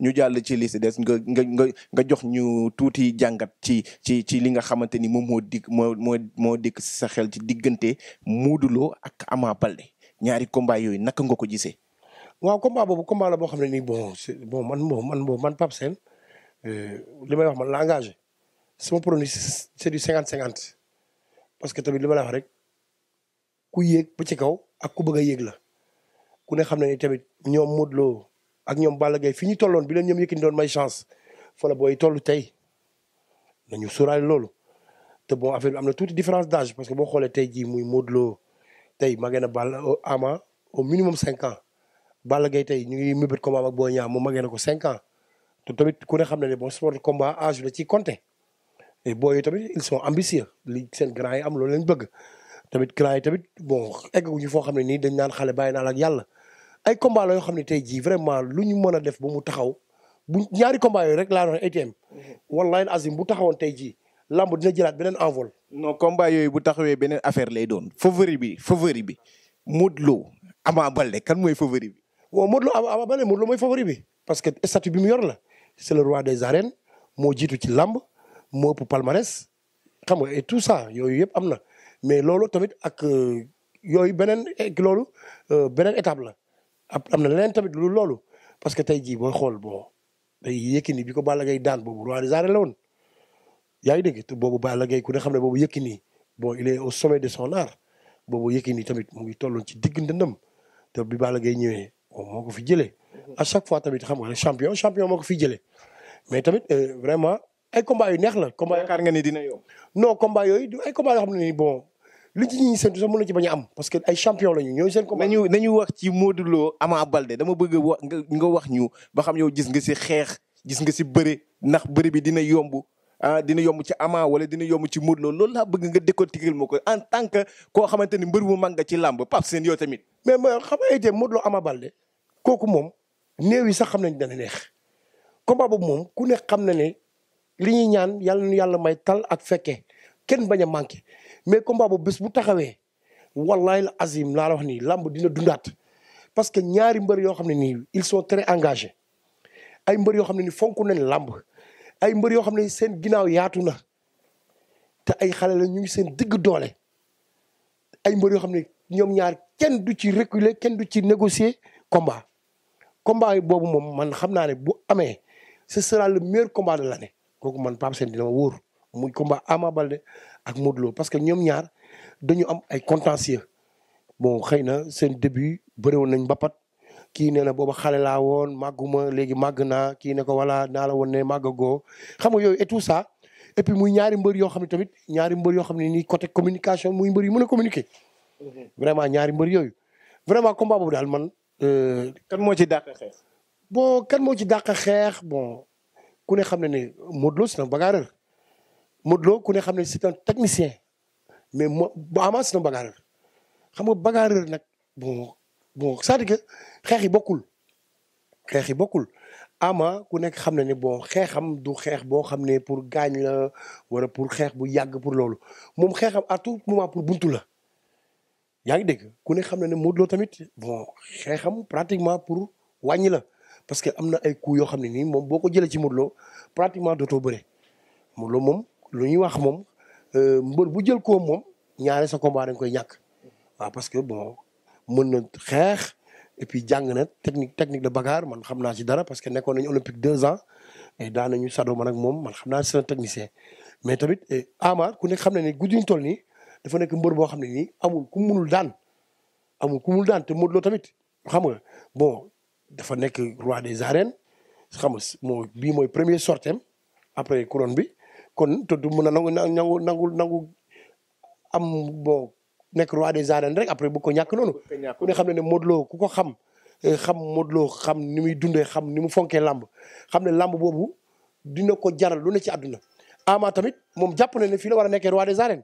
ñu jàll ci li si des nga nga nga nga jox ñu tuuti jàngat ci ci ci li nga xamante ni moom moo dikk moo moo moo dikk sa xel ci diggante Modou ak Ama Baldé ñaari combat yooyu naka nga ko gisee. waaw combat boobu combat la boo xam ne nii bon bon man bon man bon man Pape Sène euh, li may wax man la engagé sama pronostic c'est du cinquante cinquante parce que tamit li ma la wax rek ku yéeg ba ci kaw ak ku bëgg a yéeg la ku ne xam ne ni tamit ñoom Modou ak ñoom Balla Gaye fi ñu tolloon bi leen ñoom Yékini doon may chance fa booy toll tey nañu sóoraale loolu te boo affaire am na tuuti différence d'âge parce que boo xoolee tey ji muy Modou Lo tey magee na Balla euh, Ama au minimum cinq ans Balla Gaye tey ñu ngi mébét combat ak Boy Niang moom magee na ko cinq ans te tamit ku ne xam ne ne bon sport de combat âge la ci compter et booy tamit ils sont ambitieux seen grand yi am loolu lañ bëgg tamit grand yi tamit bon eggaguñu foo xam ne nii dañ naan xale bàyyi naa la yàlla ay combat yoo xam ne tey jii vraiment lu ñu mën a def ba mu taxaw bu ñaari combat yooyu rek laa doon ATM. Mm-hmm. wallahi azim bu taxawoon tey jii lamb dina jëlaat beneen envol. no combat yooyu bu taxawee beneen affaire lay doon favori bi favori bi Modou Lo Ama Baldé kan mooy favori bi. waaw Modou Lo Ama Baldé Modou Lo mooy favori bi parce que statut bi mu yor la c'est le roi des arènes moo jiitu ci lamb moo ëpp palmarès xam nga et tout ça yooyu yëpp am na mais loolu tamit ak euh, yooyu beneen loolu euh, beneen étape la. am na leneen tamit lu loolu parce que tey jii booy xool bon day Yékini bi ko Balla Gaye daan boobu roi des arènes la woon yaa ngi dégg te boobu Balla Gaye ku ne xam ne boobu Yékini bon il est au sommet de son art boobu Yékini tamit mu ngi tolloon ci digg ndëndam te bi Balla Gaye ñëwee moo ko fi jëlee. à chaque fois tamit xam nga ne champion champion moo ko fi jëlee mais tamit euh, vraiment ay combat yu neex la. combat yaakaar nga ni dina yomb. non combat yooyu ay combat yoo xam ne nii bon. li ci ñuy séntu sax mën na ci bañ a am parce que ay champion lañu ñooy seen combat. nañu nañu wax ci Modou Lo Ama Balde dama bëgg wax nga wax ñu ba xam yow gis nga si xeex gis nga si bëre ndax bëre bi dina yomb ah dina yomb ci Ama wala dina yomb ci Modou Lo loolu laa bëgg nga décortiquer ma ko en tant que koo xamante ni mbër mu mag nga ci làmb Pape Sène yow tamit. mais ma xam nga tey Lo Ama Balde kooku moom néew yi sax xam nañ dana neex combat boobu moom ku ne xam na ne li ñuy ñaan yalla yàlla may tal ak fekke kenn bañ a manqué mais combat boobu bés bu taxawee wallahi la azim laa la wax nii làmb dina dundaat parce que ñaari mbër yoo xam ne nii ils sont très engagés ay mbër yoo xam ne ni fonk nañ lamb ay mbër yoo xam ne seen ginnaaw yaatu na te ay xale la ñu ngi seen digg doole ay mbër yoo xam ne ñoom ñaar kenn du ci reculer kenn du ci négocier combat combat yi boobu moom man xam naa ne bu amee ce sera le meilleur combat de l'année kooku man Pape seen dina ma wóor muy combat Ama Baldé ak Modou Lo parce que ñoom ñaar dañu am ay contentieux bon xëy na seen début bëri woon nañ mbapat kii nee na booba xale laa woon màgguma léegi màgg naa kii ne ko wala naa la woon ne màggagoo xam nga yooyu et tout ça et puis muy ñaari mbër yoo xam ne tamit ñaari mbër yoo xam ne nii côté communication muy mbër yi mën a communiquer. vraiment ñaari mbër yooyu. vraiment combat boobu daal man. Euh, kan moo ci dàq xeex. bon kan moo ci dàq xeex bon ku ne xam ne ne Modou Lo na un Modou Lo ku ne xam ne c'est un technicien mais mo Ama c'est na bagarreur xam nga bagarreur nag bon bon cest xeex yi bokkul xeex yi bokkul Ama ku nekk xam na ne boo xeexam du xeex boo xam ne pour gaañ la wala pour xeex bu yàgg pour loolu moom xeexam à tout moment pour buntu la yaa ngi dégg ku ne xam ne ne Modou tamit bon xeexam pratiquement pour wàññi la parce que am na ay coups yoo xam ne nii moom boo ko jëlee ci Modou pratiquement dootoo bëre Modou Lo moom lu ñuy wax moom euh, mbër bu jël ko moom ñaare sa combat dañ koy ñàkk waaw parce que bon mën na xeex et puis jàng na technique technique de bagar man xam naa si dara parce que nekkoon nañu olympique deux ans et daan nañu sado man ak moom man xam naa c'est un technicien mais tamit euh, Amar ku nekk xam ne ni guddi ñu toll nii dafa nekk mbër boo xam ne nii amul ku munul daan amul ku munul daan te Modou tamit xam nga bon dafa nekk roi des arènes xam nga moo bii mooy premier sorte après couronne bi kon te du mën a nangu nangu nangu nangu am bon nekk roi des arènes rek après bu ko ñàkk noonu. ku ne xam ne ne Modou ku ko xam eh, xam Modou xam ni muy dundee xam ni mu fonkee làmb xam ne làmb boobu dina ko jaral lu ne ci àdduna. Ama tamit moom jàpp na ne fii la war a nekkee roi des arènes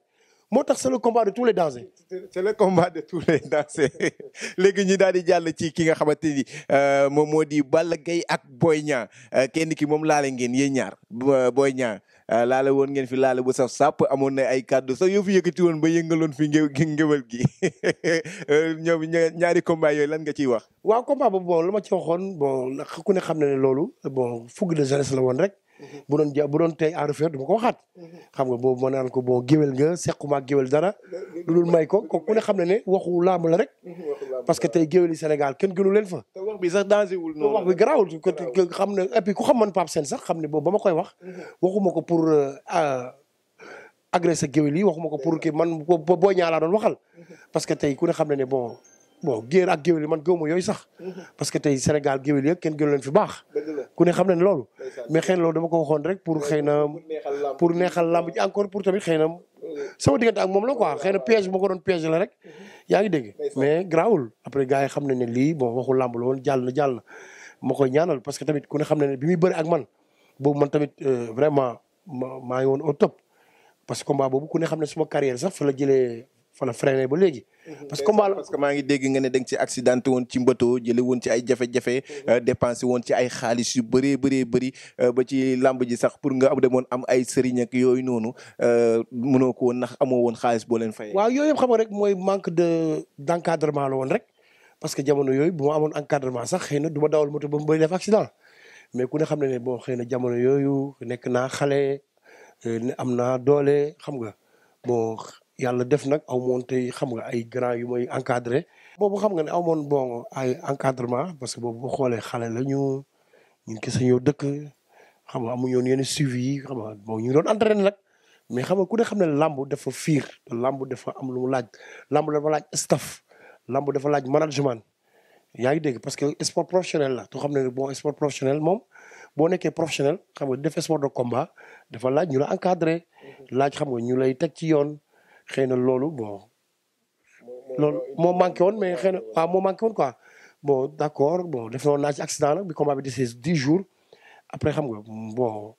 moo tax c'est le combat de tous les dangers. c'est le combat de tous les dangers léegi ñu daal di jàll ci ki nga xamante ni euh, moom moo di Balla Gaye ak Boy Niang euh, kenn ki moom laale ngeen yéen ñaar Boy Niang. Ah, laale woon ngeen fi laale bu saf sàpp amoon na ay kàddu sax yo fi yëkkati woon ba yëngaloon fi ngéwél gi eh, ñoom ñaari combat yooyu lan nga ciy wax. waaw combat boobu bon lu ma ci waxoon bon ku ne xam na ne loolu bon fougue de jeunesse la woon rek. bu doon ja bu doon tey en refaire du ma ko waxaat. xam nga boobu ma naan ko boo géwél nga sequma ak géwél dara. lu may ko ko ku ne xam ne ne waxu làmb la rek. parce que tey géwél yi Sénégal kenn gënu leen bi sax danger wul noonu wax bi garaawul xam ne et xam man Pape Sène sax xam ne boobu ba ma koy wax. Mhm. waxuma ko pour euh, euh, agressé géwél yi waxuma ko pour kii man boo ñaalaa doon waxal. Mhm. parce que tey ku ne xam ne ne bon. bon géer ak géwél yi man gëwuma yooyu sax mhm. parce que tey Sénégal géwél yëpp kenn gënu leen fi baax ku ne xam na ne loolu. mais xëy na loolu dama ko waxoon rek pour xëy na. pour neexal làmb ji encore pour tamit xëy na. Euh. sama diggante ak moom la ko xëy na piège bu ko doon piège la rek. Mhm. yaa ngi dégg mais grawul après gars yi xam nañ ne lii bon waxu làmb la woon jàll na jàll na moo koy ñaanal parce que tamit ku ne xam na ne bi muy bëri ak man boobu man tamit euh, vraiment maa ngi woon au top. parce que combat boobu ku ne xam ne suma carrière sax fa la jëlee fa la freiné ba léegi. Mhm. parce que combat maa ngi dégg nga ne da nga ci accidenté woon ci mbëtoo jële woon ci ay jafe-jafe. Mhm. Euh, dépensé woon ci ay xaalis yu bëree bëree bëri euh, ba ci làmb ji sax pour nga demoon am ay sëriñ ak yooyu noonu euh, mënoo ko woon nax amoo woon xaalis boo leen fayee. waaw yooyu xam nga rek mooy manque de d' encadrement la rek parce que jamono yooyu bu amoon encadrement sax xëy na du ma dawal moto ba mu bëri def accident mais ku ne xam na ne bon xëy na jamono yooyu nekk naa xale am naa doole xam nga yàlla def nag amoon tey xam nga ay grand yu may encadré. boobu xam nga ne amoon bon ay encadrement parce que boobu boo xoolee xale la ñu ñun kese ñoo dëkk xam nga amuñu woon yenn suivi yi xam nga bon ñu ngi doon entraîné nag. mais xam nga ku ne xam ne làmb dafa fiir làmb dafa am lu mu laaj làmb dafa laaj staff làmb dafa laaj management yaa ngi dégg parce que sport professionnel la tu xam ne boo sport professionnel moom boo nekkee professionnel xam nga def sport de combat dafa laaj ñu la encadré mm-hmm. laaj xam nga ñu lay teg ci yoon xëy na loolu bon. loolu moo manqué woon mais xëy na waaw moo manqué woon boo bon boo accord bon def naa ci accident nag bi combat bi jours après xam nga bon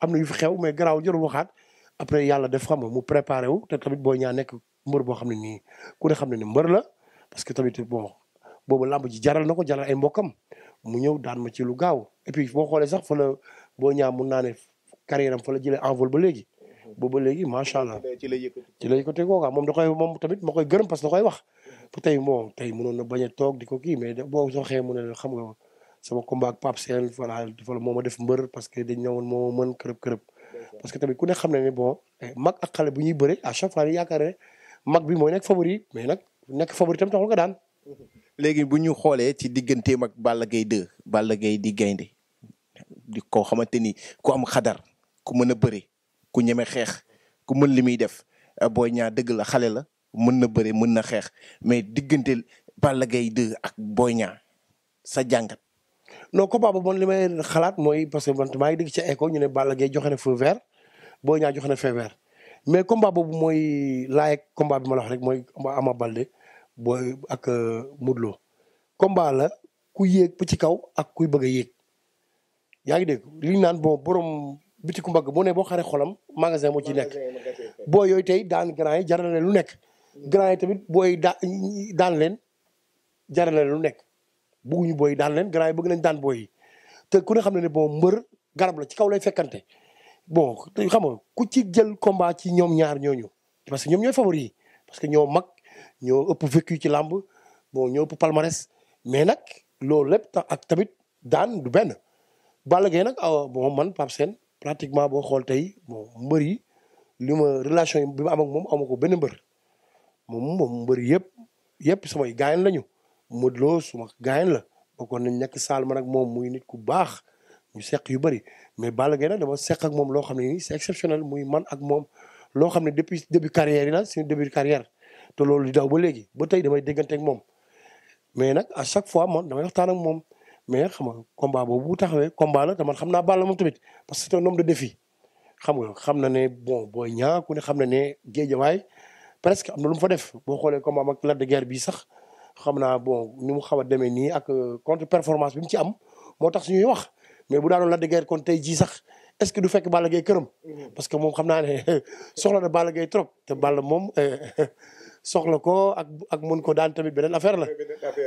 am na yu fi xew mais garaaw jarul waxaat après yàlla def xam nga mu préparé wu te tamit boo ñaa nekk mbër boo xam ne nii ku ne xam ne ne mbër la parce que tamit bon boobu làmb ji jaral na ko jaral ay mbokkam mu ñëw daan ma ci lu gaaw et puis boo xoolee sax fa boo ñaa mu naa ne carrière am fa la jëlee envol ba léegi booba léegi macha allah ci la yëkkati ko quoi moom da koy moom tamit ma koy gërëm parce que da koy wax tey bon tey mënoon na bañ a toog di ko kii mais boo soxee mu ne xam nga sama combat ak Pape Sène voilà moo ma def mbër parce que dañ ñëwoon moo mën kërëb kërëb parce que tamit ku ne xam na ne bon eh, mag ak xale bu ñuy bëre à chaque fois yaakaar ne mag bi mooy nekk favori mais nag nekk favori tam taxul nga daan léegi bu ñu xoolee ci digganteem ak Balla Gaye 2 bala Gaye di gaynde di koo xamante ni ku am xadar ku mën a bëri ku ñeme xeex ku mën li muy def eh, Boy Niang dëgg la xale la mën na bëre mën na xeex mais diggante Balla Gaye 2 ak Boy ñaa sa jàngat. noo ko ba man li may xalaat mooy parce que man maa ngi dégg ci écho ñu ne Balla Gaye joxe na feu vert Boy Niang joxe na feu mais combat boobu mooy laaj combat bi ma la wax rek mooy Ama Baldé booy ak euh, Modou Lo combat la ku yéeg ci kaw ak kuy bëgg a yaa ngi dégg li naan bon bitiku mbagg bu ne boo xare xolam magasin moo ci nekk boo yooyu tey daan grand yi jaral leen lu nekk grand yi tamit booy da daan leen jaral lu nekk bëgguñu booy daan leen grand yi bëgg nañ daan booy te ku ne xam ne ne bon mbër garab la ci kaw lay fekkante boo xam nga ku ci jël combat ci ñoom ñaar ñooñu parce que ñoom ñooy favori parce que ñoo mag ñoo ëpp vécu ci làmb bon ñoo ëpp palmarès mais nag loolu lépp ak tamit daan du benn Balla Gaye nag ah, bon man Pape Sène pratiquement boo xool tey moom mbër yi li ma relation yi bi ma am moom amu ko benn mbër moom moom mbër yëpp yëpp samay gaayan lañu Modou loo suma gaayan la bokkoon nañ nekk saal man ak moom muy nit ku baax ñu seq yu bari mais Balla Gaye nag dama seq ak moom loo xam ne nii c'est muy man ak moom loo xam ne depuis début carrière yi la suñu début carrière te loolu di daw ba léegi ba tey damay déggante moom mais nag à chaque fois man damay waxtaan moom mais xam nga combat boobu bu taxawee combat la te xam naa Balla moom tamit parce que c'est un homme de défi xam nga xam na ne bon booy ñaa ku ne xam na ne géejawaay presque am na lu mu fa def boo xoolee combat am ak Lac de Guiers sax xam naa bon ni mu xaw a demee nii ak euh, contre performance bi mu ci am moo tax suñuy wax mais bu daanoon la de kon tey jii sax est-ce que du fekk Balla Gaye këram. Mm-hmm. parce que moom xam naa ne soxla na Balla Gaye trop te Balla moom. Euh, soxla ko ak ak mën ko daan tamit beneen affaire la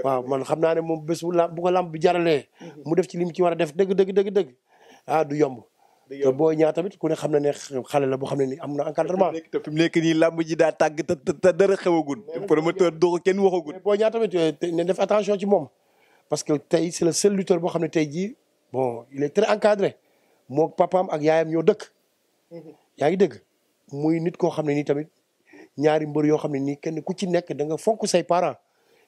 waaw man xam naa ne moom bés bu la bu ko làmb bi jaralee mhm. mu def ci li mu ci war a def dëgg dëgg dëgg dëgg ah du yomb te booy ñaa tamit ku ne xam na ne xale la boo xam ne ni am na encadrement te fi mu nekk nii daa tàgg te te xewagul te promoteur doo kenn waxagul booy ñaa tamit euh, ne def attention ci moom parce que tey c'est le seul lutteur boo xam ne tey jii bon il est très encadré moo papaam ak yaayam ñoo dëkk mhm. yaa ngi dëgg muy nit koo xam ne nii tamit ñaari mbër yoo xam ne nii kenn ku ci nekk da nga fonk say parents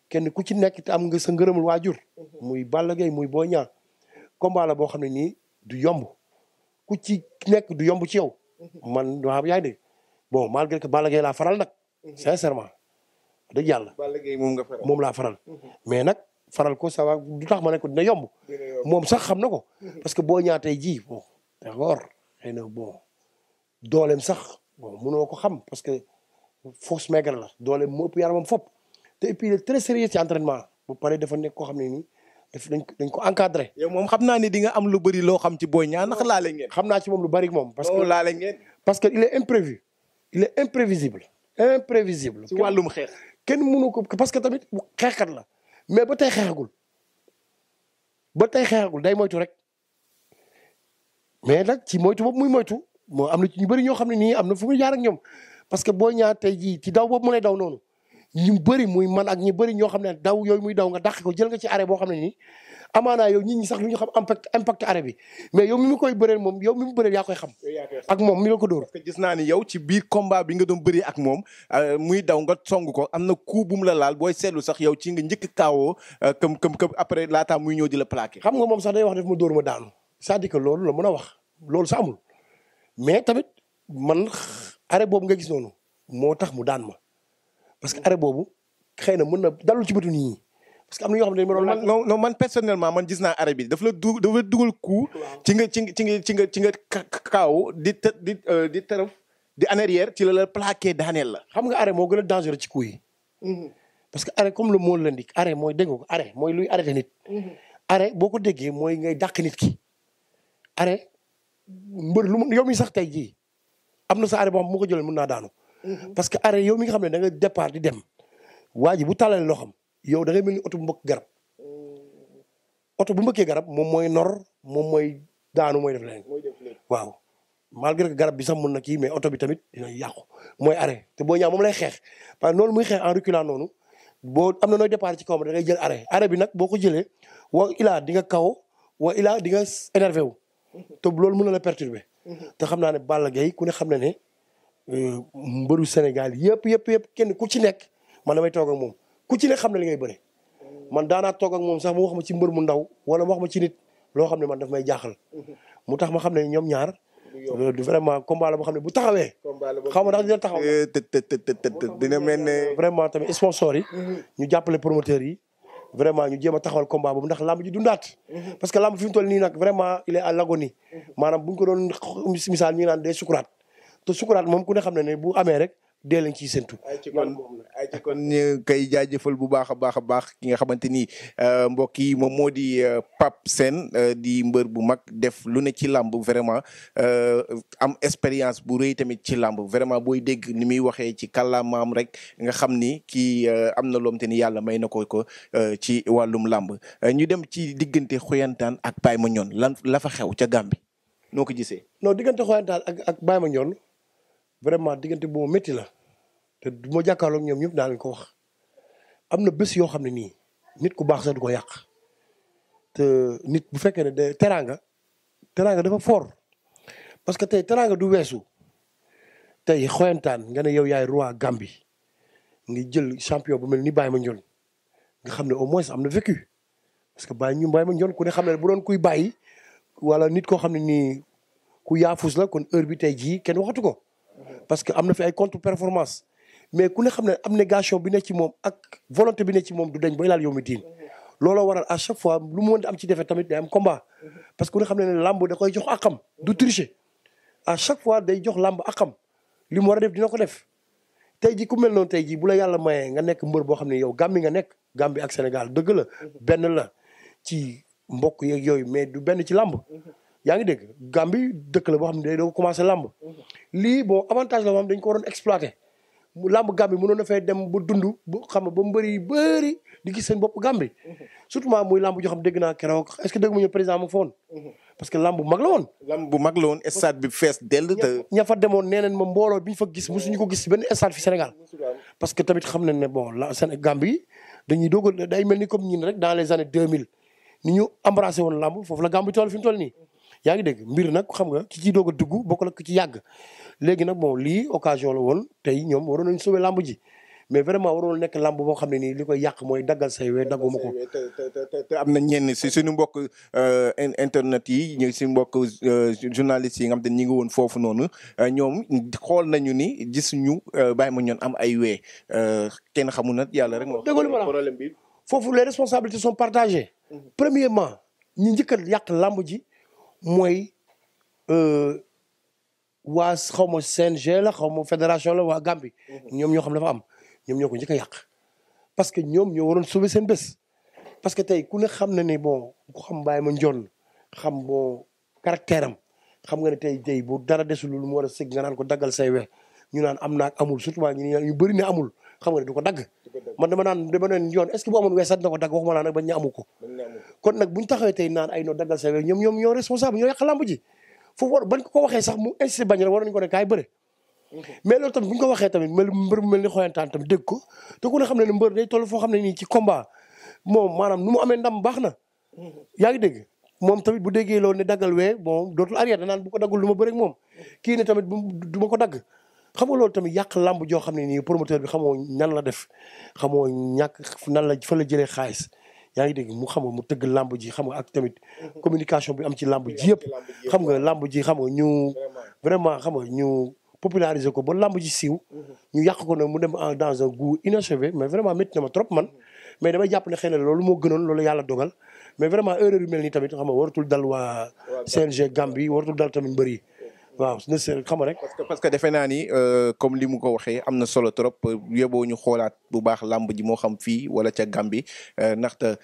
kenn ku ci nekk am nga sa ngërëmul waajur. Mhm. muy Balla muy Boy Niang combat boo xam ne nii du yomb ku ci nekk du yomb ci yow. Mhm. man waaw yaa ngi dégg bon malgré que Balla Gaye faral nag. Mhm. sincèrement dëgg yàlla. Balla Gaye moom nga moom laa faral. mais nag faral ko ça va du tax ma ne dina yomb. moom sax xam na ko. parce que boo ñaatee ji boo d' xëy na bon dooleem sax bon mënoo ko xam parce que. force maigre la doole mu ëpp yaramam fop te et puis il est très sérieux ci entraînement bu paree dafa nekk koo xam ne nii daf dañ ko dañ ko moom xam naa ne di nga am lu bari loo xam ci boo Niang ndax laale ngeen. xam naa ci moom lu bëri moom. parce que oh, laale ngeen. parce que il est imprévu il est imprévisible. imprévisible. ci xeex kenn mënu ko parce que tamit xeexkat la mais ba tey xeexagul ba tey xeexagul day moytu rek mais nag ci moytu boobu muy moytu moo am na ci ñu bari ñoo xam ne nii am na fu muy ñoom. parce que boo Niang tey jii ci daw boobu mu lay daw noonu ñu bëri muy man ak ñu bëri ñoo xam ne daw yooyu muy daw nga dàq ko jël nga ci arrêt boo xam ne nii amaanaa yow nit ñi sax lu ñu xam impact impact arrêt bi mais yow koy bëreel moom mi mu bëreel yaa koy xam ak moom mi la ko naa ni yow ci biir combat bi nga doon bëri ak moom euh, muy daw nga song ko am na coup bu mu la laal booy seetlu sax yow ci nga njëkk kaawo euh, këm këm këm après laataa muy ñëw di la plaqué xam nga moom sax day wax def ma dóor ma daanu c'est-à-dire loolu la mën a wax loolu sa amul mais tamit man arrêt boobu nga gis noonu moo tax mu daan ma parce que arrêt boobu xëy na mën na dalul ci bëtu yi ñi parce que am na yoo xam ne dañu man non non man personnellement man gis naa arrêt bi daf la du dafa dugal coup. ci nga ci nga ci nga ci nga kaaw di te di euh, di teref di en arrière ci la la plaqué daaneel la. xam nga arrêt moo gën a dangereux ci coup yi. Mhm. parce que arrêt comme le mot l'indique arrêt mooy dégg ko arrêt mooy luy arrêté nit. Mhm. arrêt boo ko déggee mooy ngay dàq nit ki. arrêt mbër lu yow mi sax tey jii. am na sa arrêt boo xam mën naa daanu. Mhm. parce que arrêt yow xam ne da nga départ di dem waa ji bu tàllalee loo xam yow da ngay mel ni oto bu mbëkk garab mm. oto bu mbëkkee garab moom mooy nor moom mooy daanu mooy def leneen. waaw malgré que garab bi sax mun na kii mais oto bi tamit dina yàqu mooy arrêt te boo ñaaw moom lay xeex parce que noonu muy xeex en reculant noonu boo am na nooy départ ci kaw da ngay jël arrêt arrêt bi nag boo ko jëlee wa ilaa di nga kaw wa ilaa di nga énervé wu mhm. te loolu mën na la perturber. Mm-hmm. te xam naa ne Balla Gaye ku ne xam na ne euh, mbëru Sénégal yëpp yëpp yëpp kenn ku ci nekk man may toog moom ku ci nekk xam na li ngay bëre. Mm-hmm. man daanaa toog ak moom sax mu wax ma ci mbër mu ndaw wala mu wax ma ci nit loo xam ne man daf may jaaxal. Mm-hmm. mu tax ma xam ne ñoom ñaar. du euh, vraiment combat la boo xam ne bu taxawee. xaw ma ndax dina taxaw. Eh, dina mel ne. vraiment tamit sponsor yi. ñu jàppale promoteurs yi. vraiment ñu jéem a taxawal combat boobu ndax lamb ji dundaat. Mhm. parce que lamb fi mu toll vraiment il est à l'agonie. Mhm. bu misaal ñu ngi naan sukuraat te sukuraat moom ku xam ne ne bu amee dee lañ ciy séntu. ci kon ay ci kon ñu koy jaajëfal bu baax a baax a baax ki nga xamante ni euh, mbokk yi moom moo di euh, Pape Sène euh, di mbër bu mag def lu ne ci làmb vraiment am expérience bu rëy tamit ci làmb vraiment booy dégg ni muy waxee ci kàllaamaam rek nga xam ni kii am na loom te ni yàlla may na ko ko ci wàllum làmb ñu dem ci diggante Xoyantaan ak Baye ma lan la fa xew ca Gàmbi noo ko gisee. non diggante Xoyantaan ak ak Baye Mandione vraiment diggante bu ma métti la te bu ma ñoom ñëpp naa leen ko wax am na bés yoo xam ne nii nit ku baax sax du ko yàq te nit bu fekkee ne de teraanga teraanga dafa fort parce que tey teraanga du weesu te xoyantaan nga ne yow yaay roi Gambie ngi jël champion bu mel ni baay ma Mandione nga xam ne au moins am na vécu parce que Baye ñu Baye Mandione ku ne xam ne bu doon kuy bàyyi wala nit koo xam ne nii ku yaafus la kon heure bi tey jii kenn waxatu ko. parce que am na fi ay contre performance mais ku ne xam ne am abnégation bi ne ci moom ak volonté bi ne ci moom du dañ bay laal yow mi diin looloo waral à chaque fois lu mu mën am ci defee tamit day am combat parce que ku ne xam ne ne làmb koy jox akam du tricher à chaque fois day jox làmb akam li mu war a def dina ko def tey ji ku mel noonu tey ji bu la yàlla mayee nga nekk mbër boo xam ne yow Gambie nga nekk Gambie ak Sénégal dëgg la benn la ci mbokk yeeg yooyu mais du benn ci làmb yaa ngi dégg Gambie dëkk la boo xam ne day doo commencé làmb lii bon avantage la boo xam dañ ko waroon exploité làmb Gambie mënoon na fay dem ba dund ba xam ba mbëri yu bëri di gis seen bopp Gambie surtout maa muy làmb joo xam dégg naa keroog est-ce que woon làmb bu mag la woon stade demoon nee nañ ma mbooloo bi ñu fa gis mosuñu ko gis si benn stade fi Sénégal parce que tamit xam nañ ne bon la seen Gambie dañuy doog day mel ni comme ñun rek dans les années 2000 ni ñu embrassé woon làmb foofu la Gambie toll fi mu toll nii yaa ngi dégg mbir nag xam nga ki ci doog a dugg bokk nag ki ci yàgg léegi nag bon lii occasion la woon tey ñoom waroon nañ sauver làmb ji mais vraiment waroon nekk làmb boo xam ne nii li koy yàq mooy daggal say we dagguma ko te am na ñenn si suñu mbokk euh, internet yi ñu si mbokk euh, journalistes yi nga xam te ñi woon foofu noonu euh, ñoom xool nañu ni gis ñu bàyyi ma ñoon am ay wee kenn xamul nag yàlla rek moo déggoo ma bi foofu les responsabilités sont partagées mm-hmm. premièrement ñi njëkk a yàq làmb ji mooy euh, waa xaw ma CNG la xaw ma fédération la waa Gambie. Mhm. ñoom ñoo xam dafa am ñoom ñoo ko njëkk a yàq. parce que ñoom ñoo waroon sauver seen bes parce que tey ku ne xam na ne bon ku xam Baye Mandione xam boo caractère am xam nga ne tey tey boo dara desul lu mu war a sëg nga naan ko daggal say ñu naan am naag amul surtout ñu ñu bëri ne amul xam nga ne du ko dagg. man dama naan dama naan yoon est ce que bu amoon weesat na ko dagg waxuma laa nag bañ ñu amu ko kon nag buñu taxawee tey naan ay noo daggal sa we ñoom ñoom ñoo responsable ñoo yàq lamb tamit bu ñu ko waxee tamit mel mbër na yaa ngi dégg moom tamit bu déggee loolu ne daggal wee dootul arrière danaan bu ko daggul du ma moom kii ne tamit du ko dagg xam nga loolu tamit yàq làmb joo xam ne nii promoteur bi xamoo nan la def xamoo ñàkk nan la fa la jëlee xaalis yaa ngi dégg mu xam mu tëgg làmb ji xam nga ak tamit mhm. communication bi am ci làmb ji yëpp xam nga làmb ji xam nga ñu vraiment xam nga ñu populariser ko ba làmb ji siiw mhm. ñu yàq ko na mu dem dans un goût inachevé mais vraiment métti na ma trop man mhm. mais damay jàpp ne xëy na loolu moo gënoon loolu yàlla dogal mais vraiment erreur yu mel nii tamit xam nga waratul dal waa CNG Gambie waratul dal tamit mbër waaw na seer xam rek. parce que parce que defe naa ni euh, comme li mu ko waxee am na solo trop euh, yóbboo ñu xoolaat bu baax làmb ji moo xam fii wala ca Gàmbi euh, ndaxte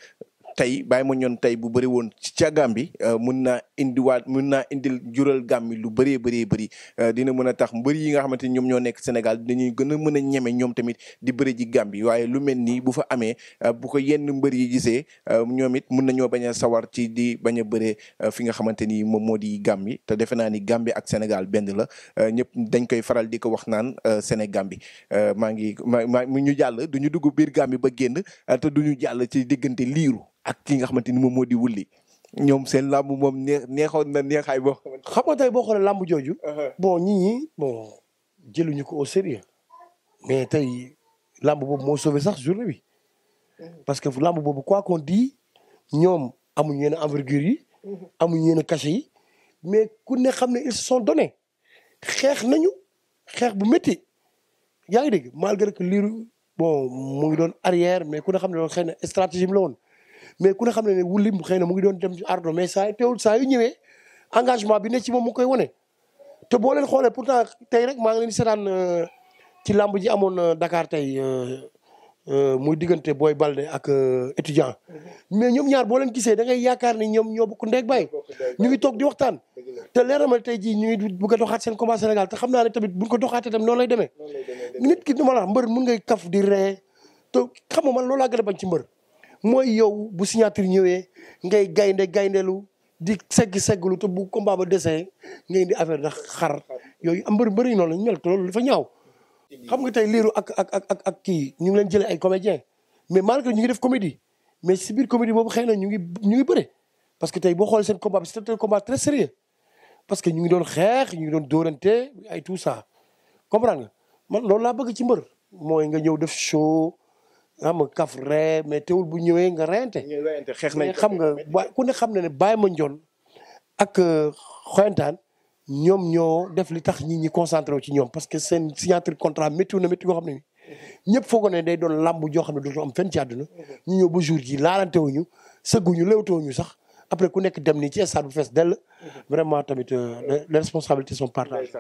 tey bàyyi ma ñoon tey bu bëri woon ci ca Gàmbi euh, mun naa indiwaat mun naa indil jural Gàmbi lu bëree bëree bëri euh, dina mën a tax mbër yi nga xamante ni ñoom ñoo nekk Sénégal dañuy gën a mën a ñeme ñoom tamit di bëri ji Gàmbi waaye lu mel nii bu fa amee euh, bu ko yenn mbër yi gisee ñoom it mun nañoo bañ a sawar ci di bañ a bëree fi nga xamante ni moom moo di Gàmbi te defe naa ni Gàmbi ak Sénégal benn la ñëpp dañ koy faral di ko wax naan Sénégàmbi maa ngi ma ma ñu jàll duñu dugg biir Gàmbi ba génn te ñu jàll ci diggante liiru ak kii nga xamante ni moom moo di wulli ñoom seen làmb moom neex neexoon na neexaay boo xamante xam nga tey boo xoolee làmb jooju uh-huh. bon ñi ñi bon jëluñu ko au sérieux mais tey làmb boobu moo sauvé sax journée bi uh-huh. parce que làmb boobu quoi qu'on ñoom ñoom amuñu yenn envergure yi uh-huh. amuñu yenn cachet yi mais ku ne xam ne ils se sont donnés xeex nañu xeex bu metti yaa ngi dégg malgré que liiru bon mu ngi doon arrière mais ku ne xam ne loolu xëy na stratégie la woon mais ku ne xam ne ne wu lim xëy na mu ngi doon dem ci ardo mais saa yu teewul saa yu ñëwee engagement bi ne ci moom mu koy wane. te boo leen xoolee pourtant tey rek maa ngi leen seetaan euh, ci làmb ji amoon euh, dakaar tey euh, muy diggante booy Balde ak étudiant mhm. mais ñoom ñaar boo leen gisee da ngay yaakaar ni ñoom ñoo bokk ndeeg bay ñu ngi toog di waxtaan. te leer na tey jii ñu ngi bëgg a doxaat seen combat Sénégal te xam naa ne tamit buñ ko doxaatee tam noonu lay demee. nit ki nu ma la wax mbër ngay kaf di ree te xam nga man loolaa gën bañ ci mbër. mooy yow bu signature ñëwee ngay gaynde gayndeelu di segg segglu te bu combat ba desee ngay indi affaire da xar yooyu a bëri bëri noonu lañ mel tool loolu dafa ñaaw. xam nga tey liiru ak ak ak ak kii ñu ngi leen jëlee ay comédien mais malgré ñu ngi def comédie mais si biir boobu xëy na ñu ngi ñu ngi bëre parce que tey boo xoolee seen combat bi c'est un combat très sérieux parce que ñu ngi doon xeex ñu ngi doon dóorante ay tout ça comprendre nga man loolu laa bëgg ci mbër mooy nga ñëw def am ah, nga kaf ree mais bu ñëwee nga reyante. xeex nañ xam nga ku ne xam na ne baay Baye Mandione ak euh, Xoyantaan ñoom ñoo def li tax nit ñi concentré wu ci ñoom parce que seen signature contrat méttiw na métti yoo xam ne ñëpp foogoon ne day doon lamb joo xam ne dootu am fenn ci àdduna. ñu ñëw ba jour ji laalante wu ñu sëgguñu léewtoo ñu sax. après ku nekk dem nii ci stade bu fees dell. Mmh. vraiment tamit euh, les responsabilités sont partagées.